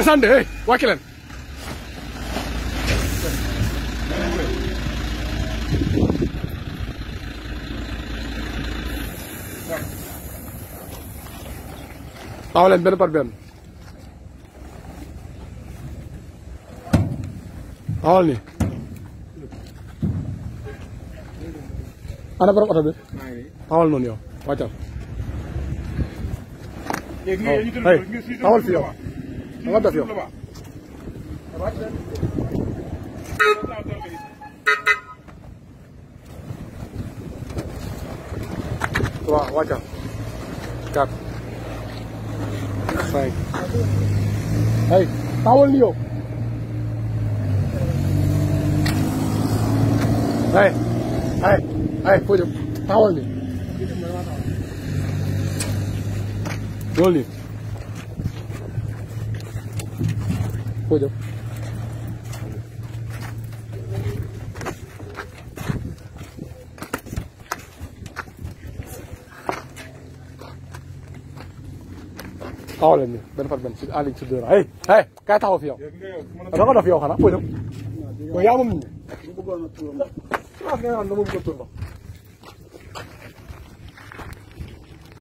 descendez hey wàcc leen taxaw leen benn par benn taxawal ni ana borom oto bi taxawal noonu yow wàccal taxawal fi yow da nga def yow. waaw wàccal. 4 5. hey taawal ni yow. hey hey hey foo jëm foo jëm taxaw leen nii benn par benn si en ligne si deux hey hey kaay taxaw fi yow da nga dof yow xanaa foo jëm yow yaa moom nit ñi